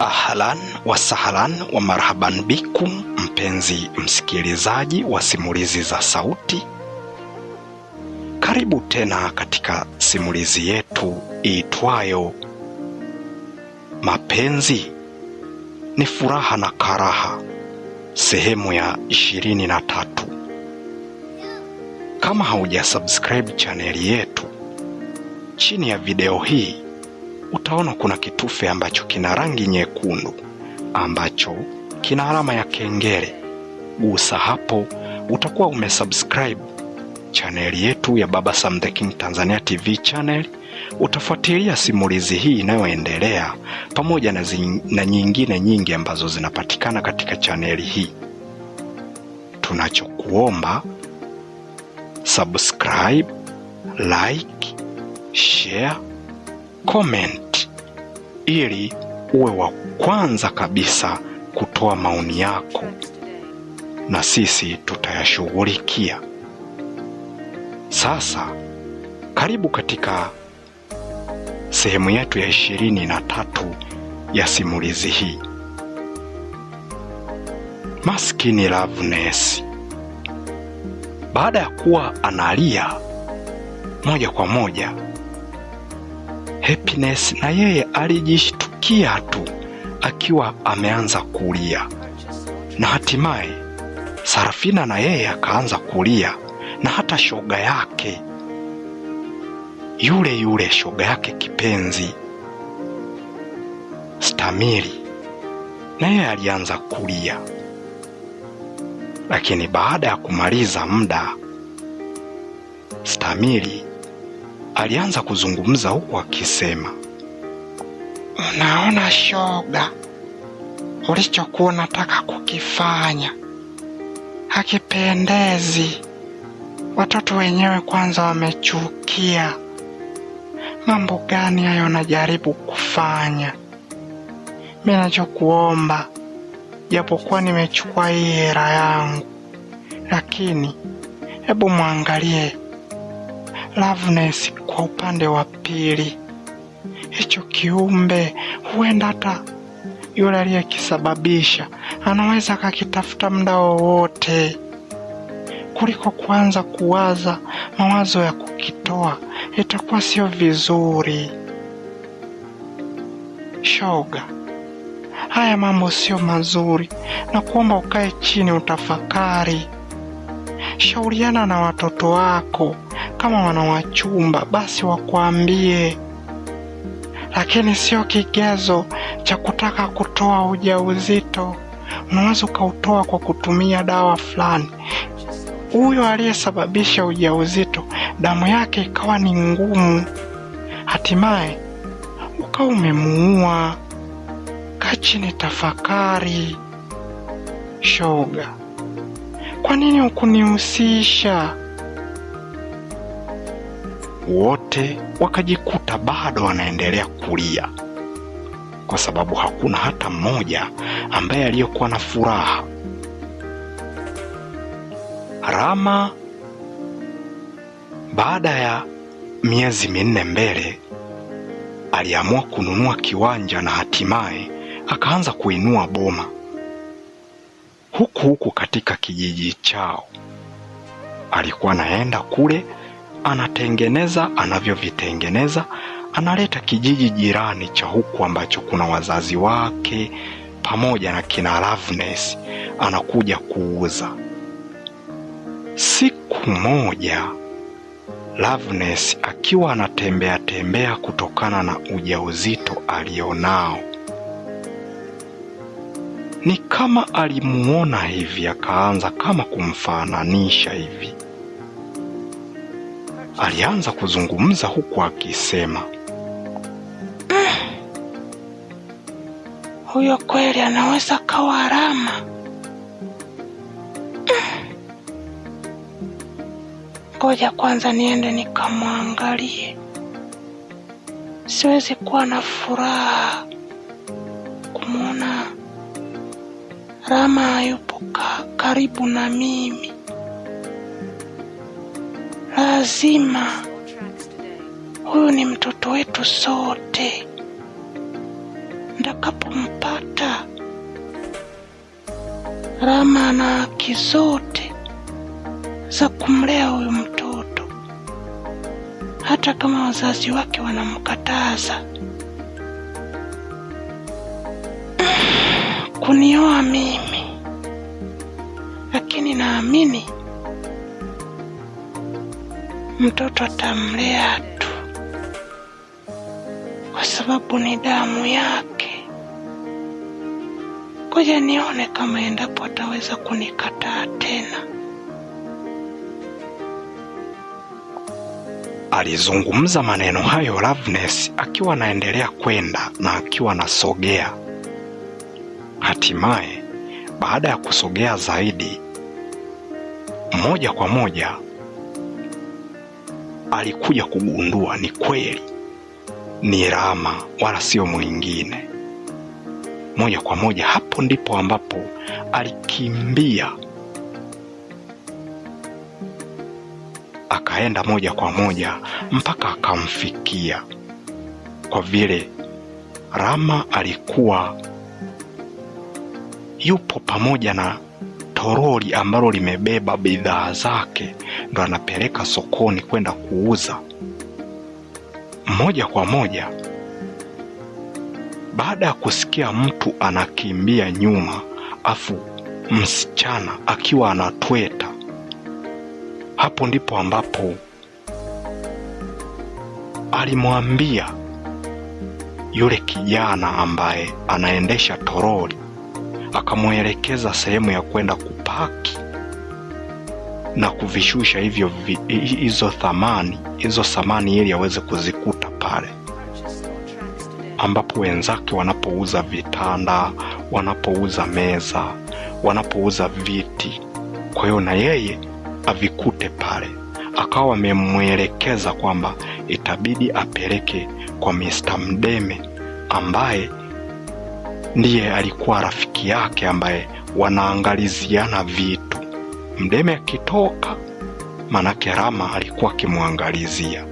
Ahlan wasahlan wa marhaban bikum, mpenzi msikilizaji wa simulizi za sauti, karibu tena katika simulizi yetu iitwayo Mapenzi ni Furaha na Karaha, sehemu ya 23. Kama hauja subscribe chaneli yetu, chini ya video hii utaona kuna kitufe ambacho kina rangi nyekundu ambacho kina alama ya kengele. Gusa hapo, utakuwa umesubscribe chaneli yetu ya Baba Sam the King Tanzania TV channel. Utafuatilia simulizi hii inayoendelea pamoja na, zin, na nyingine nyingi ambazo zinapatikana katika chaneli hii. Tunachokuomba subscribe, like, share comment ili uwe wa kwanza kabisa kutoa maoni yako, na sisi tutayashughulikia. Sasa karibu katika sehemu yetu ya ishirini na tatu ya simulizi hii. Maskini Loveness baada ya kuwa analia moja kwa moja Happiness na yeye alijishtukia tu akiwa ameanza kulia, na hatimaye Sarafina na yeye akaanza kulia, na hata shoga yake yule yule shoga yake kipenzi Stamili na yeye alianza kulia, lakini baada ya kumaliza muda Stamili alianza kuzungumza huku akisema, unaona shoga, ulichokuwa nataka kukifanya hakipendezi. Watoto wenyewe kwanza wamechukia. Mambo gani hayo unajaribu kufanya? Mimi nachokuomba, japokuwa nimechukua hii hera yangu, lakini hebu mwangalie Loveness kwa upande wa pili, hicho kiumbe huenda hata yule aliyekisababisha anaweza akakitafuta muda wowote, kuliko kuanza kuwaza mawazo ya kukitoa, itakuwa sio vizuri. Shoga, haya mambo sio mazuri, na kuomba ukae chini utafakari shauriana na watoto wako, kama wana wachumba basi wakwambie, lakini sio kigezo cha kutaka kutoa ujauzito. Unaweza ukautoa kwa kutumia dawa fulani. Huyo aliyesababisha ujauzito, damu yake ikawa ni ngumu, hatimaye ukawa umemuua. Kaa chini, tafakari shoga. Kwa nini hukunihusisha? Wote wakajikuta bado wanaendelea kulia, kwa sababu hakuna hata mmoja ambaye aliyekuwa na furaha. Rama baada ya miezi minne mbele aliamua kununua kiwanja na hatimaye akaanza kuinua boma huku huku katika kijiji chao. Alikuwa anaenda kule anatengeneza anavyovitengeneza, analeta kijiji jirani cha huku ambacho kuna wazazi wake pamoja na kina Loveness, anakuja kuuza. Siku moja Loveness akiwa anatembea tembea kutokana na ujauzito alionao ni kama alimuona hivi, akaanza kama kumfananisha hivi. Alianza kuzungumza huku akisema eh, huyo kweli anaweza kawa alama eh, Ngoja kwanza niende nikamwangalie, siwezi kuwa na furaha Rama hayupo karibu na mimi, lazima huyu ni mtoto wetu sote. Ndakapompata Rama na haki zote za kumlea huyu mtoto, hata kama wazazi wake wanamkataza. kunioa mimi, lakini naamini mtoto atamlea tu, kwa sababu ni damu yake. Ngoja nione kama endapo ataweza kunikataa tena. Alizungumza maneno hayo Loveness akiwa anaendelea kwenda na akiwa anasogea Hatimaye, baada ya kusogea zaidi moja kwa moja, alikuja kugundua ni kweli ni Rama wala sio mwingine. Moja kwa moja, hapo ndipo ambapo alikimbia akaenda moja kwa moja mpaka akamfikia, kwa vile Rama alikuwa yupo pamoja na toroli ambalo limebeba bidhaa zake, ndo anapeleka sokoni kwenda kuuza moja kwa moja. Baada ya kusikia mtu anakimbia nyuma, afu msichana akiwa anatweta, hapo ndipo ambapo alimwambia yule kijana ambaye anaendesha toroli akamwelekeza sehemu ya kwenda kupaki na kuvishusha hivyo hizo thamani hizo samani ili aweze kuzikuta pale ambapo wenzake wanapouza vitanda, wanapouza meza, wanapouza viti. Kwa hiyo na yeye avikute pale, akawa amemwelekeza kwamba itabidi apeleke kwa Mr. Mdeme ambaye ndiye alikuwa rafiki yake ambaye wanaangaliziana vitu. Mdeme akitoka, manake Rama alikuwa akimwangalizia,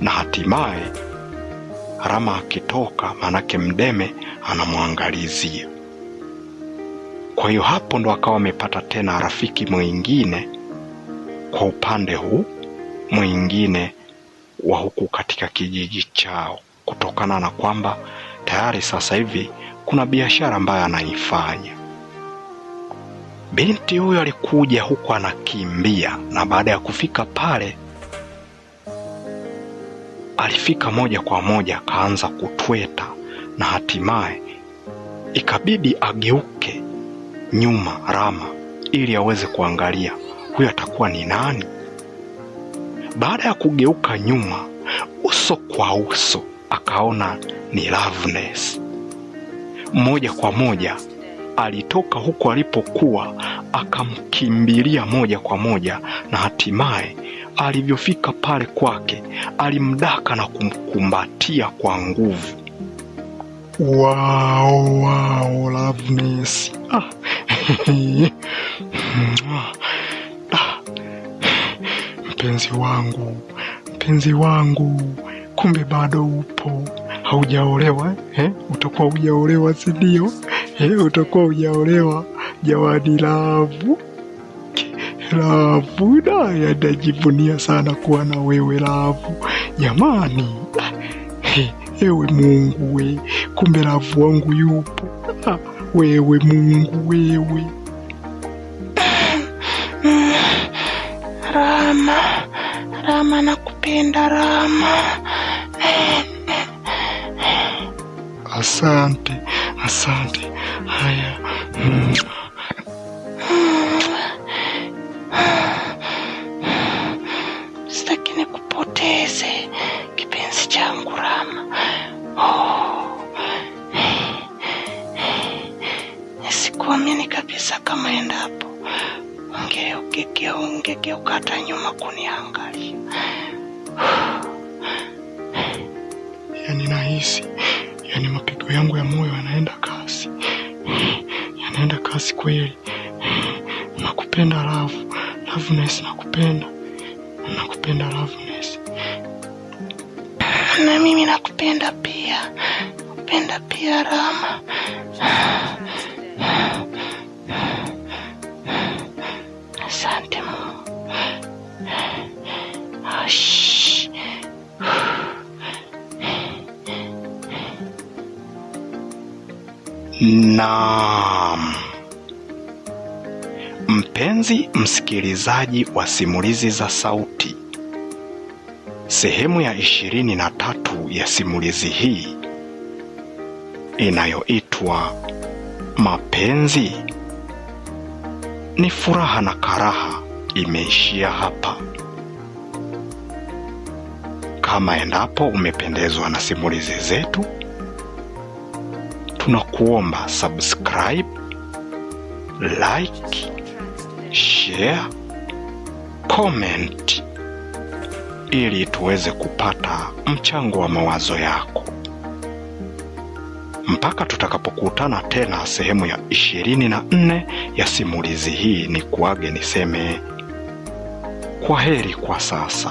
na hatimaye Rama akitoka, manake Mdeme anamwangalizia. Kwa hiyo hapo ndo akawa amepata tena rafiki mwingine kwa upande huu mwingine wa huku katika kijiji chao, kutokana na kwamba tayari sasa hivi kuna biashara ambayo anaifanya. Binti huyo alikuja huku anakimbia, na baada ya kufika pale alifika moja kwa moja akaanza kutweta, na hatimaye ikabidi ageuke nyuma Rama ili aweze kuangalia huyo atakuwa ni nani. Baada ya kugeuka nyuma uso kwa uso, akaona ni Loveness moja kwa moja alitoka huko alipokuwa akamkimbilia moja kwa moja, na hatimaye alivyofika pale kwake alimdaka na kumkumbatia kwa nguvu. Wow, wow, Loveness ah. Ah. ah. mpenzi wangu, mpenzi wangu, kumbe bado upo haujaolewa eh? Utakuwa hujaolewa si Eh, utakuwa hujaolewa jawadi. Lavu Lavu naye anajivunia sana kuwa na wewe Lavu jamani. Eh, ewe Mungu we, kumbe Lavu wangu yupo. Ah, wewe Mungu wewe Rama, Rama nakupenda Rama. Eh, Asante, asante. Haya, sitakini Sitaki nikupoteze kipenzi changu Rama. Oh. Sikuamini kabisa kama endapo ungegeukia ungegeuka hata nyuma kuniangalia. Yani nahisi yani mapigo yangu ya moyo yanaenda kasi, yanaenda kasi kweli. Nakupenda Love, Loveness, nakupenda, nakupenda Loveness. Na mimi nakupenda pia, nakupenda pia Rama. Naam, mpenzi msikilizaji wa simulizi za sauti, sehemu ya ishirini na tatu ya simulizi hii inayoitwa Mapenzi ni Furaha na Karaha imeishia hapa. Kama endapo umependezwa na simulizi zetu tunakuomba subscribe, like, share, comment ili tuweze kupata mchango wa mawazo yako. Mpaka tutakapokutana tena sehemu ya ishirini na nne ya simulizi hii, ni kuage niseme kwa heri kwa sasa.